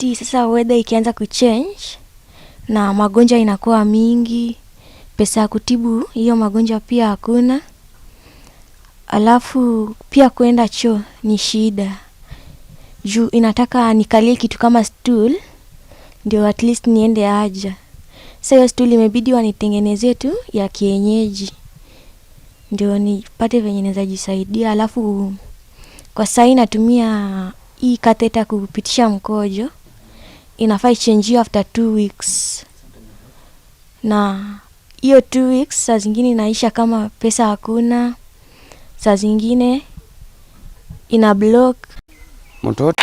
ti sasa, weather ikianza kuchange na magonjwa inakuwa mingi, pesa ya kutibu hiyo magonjwa pia hakuna, alafu pia kwenda choo ni shida juu inataka nikalie kitu kama stool ndio at least niende haja. sa hiyo stool imebidi wanitengenezee tu ya kienyeji ndio nipate venye nazajisaidia Alafu kwa sahii natumia hii kateta kupitisha mkojo inafaa ichenjiwe after t weeks, na hiyo t weeks saa zingine inaisha kama pesa hakuna, saa zingine ina blok mtoto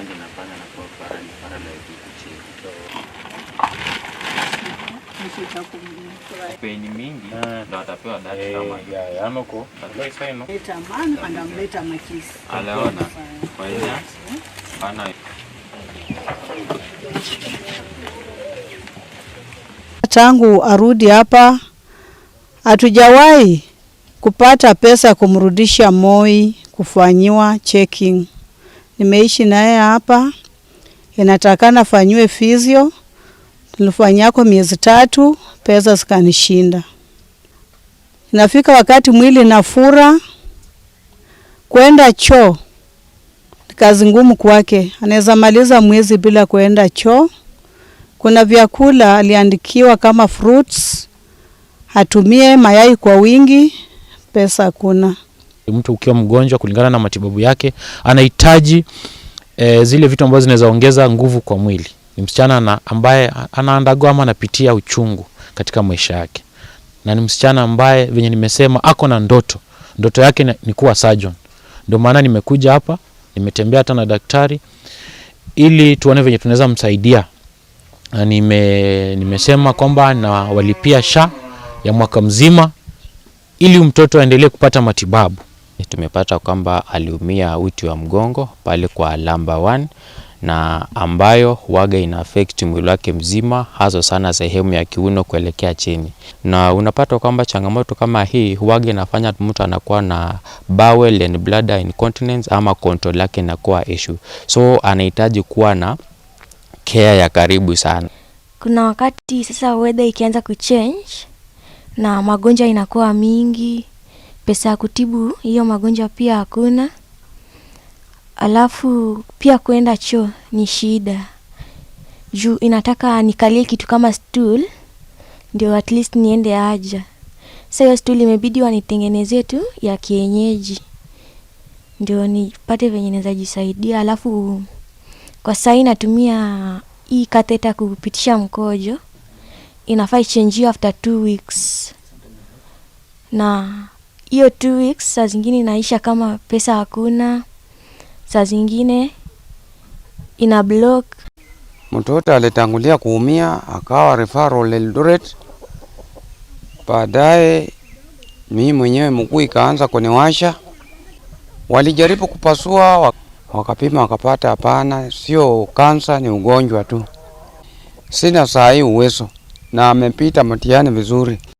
Asante napana na kwa parani para la Peni mingi ah. ndo atapewa eh, kama ya makisi. Kwa hiyo tangu arudi hapa hatujawahi kupata pesa kumrudisha Moi kufanyiwa checking nimeishi naye hapa, inatakana fanyiwe fizio. Nilifanyako miezi tatu, pesa zikanishinda. Inafika wakati mwili nafura, kwenda choo ni kazi ngumu kwake, anaweza maliza mwezi bila kwenda choo. Kuna vyakula aliandikiwa kama fruits atumie mayai kwa wingi, pesa hakuna. Mtu ukiwa mgonjwa, kulingana na matibabu yake, anahitaji e, zile vitu ambazo zinaweza ongeza nguvu kwa mwili. Ni msichana na ambaye anaandagoa ama anapitia uchungu katika maisha yake, na ni msichana ambaye venye nimesema ako na ndoto. Ndoto yake ni kuwa surgeon. Ndio maana nimekuja hapa, nimetembea hata na daktari ili tuone venye tunaweza msaidia. Na nime, nimesema kwamba nawalipia sha ya mwaka mzima ili mtoto aendelee kupata matibabu tumepata kwamba aliumia uti wa mgongo pale kwa lamba 1 na ambayo waga ina affect mwili wake mzima, hasa sana sehemu ya kiuno kuelekea chini, na unapata kwamba changamoto kama hii waga inafanya mtu anakuwa na bowel and bladder incontinence, ama control yake inakuwa issue, so anahitaji kuwa na care ya karibu sana. Kuna wakati sasa weather ikianza kuchange na magonjwa inakuwa mingi pesa ya kutibu hiyo magonjwa pia hakuna. Alafu pia kwenda choo ni shida, juu inataka nikalie kitu kama stool ndio at least niende haja. Sasa hiyo stool imebidi wanitengenezee tu ya kienyeji ndio nipate venye naweza jisaidia. Alafu kwa sasa natumia hii katheta kupitisha mkojo, inafaa ichenjio after two weeks na hiyo two weeks saa zingine inaisha kama pesa hakuna, saa zingine ina block. Mtoto alitangulia kuumia akawa referral Eldoret, baadaye mii mwenyewe mkuu ikaanza kuniwasha. Walijaribu kupasua wakapima, wakapata hapana, sio kansa, ni ugonjwa tu. Sina saa hii uwezo na amepita mtihani vizuri.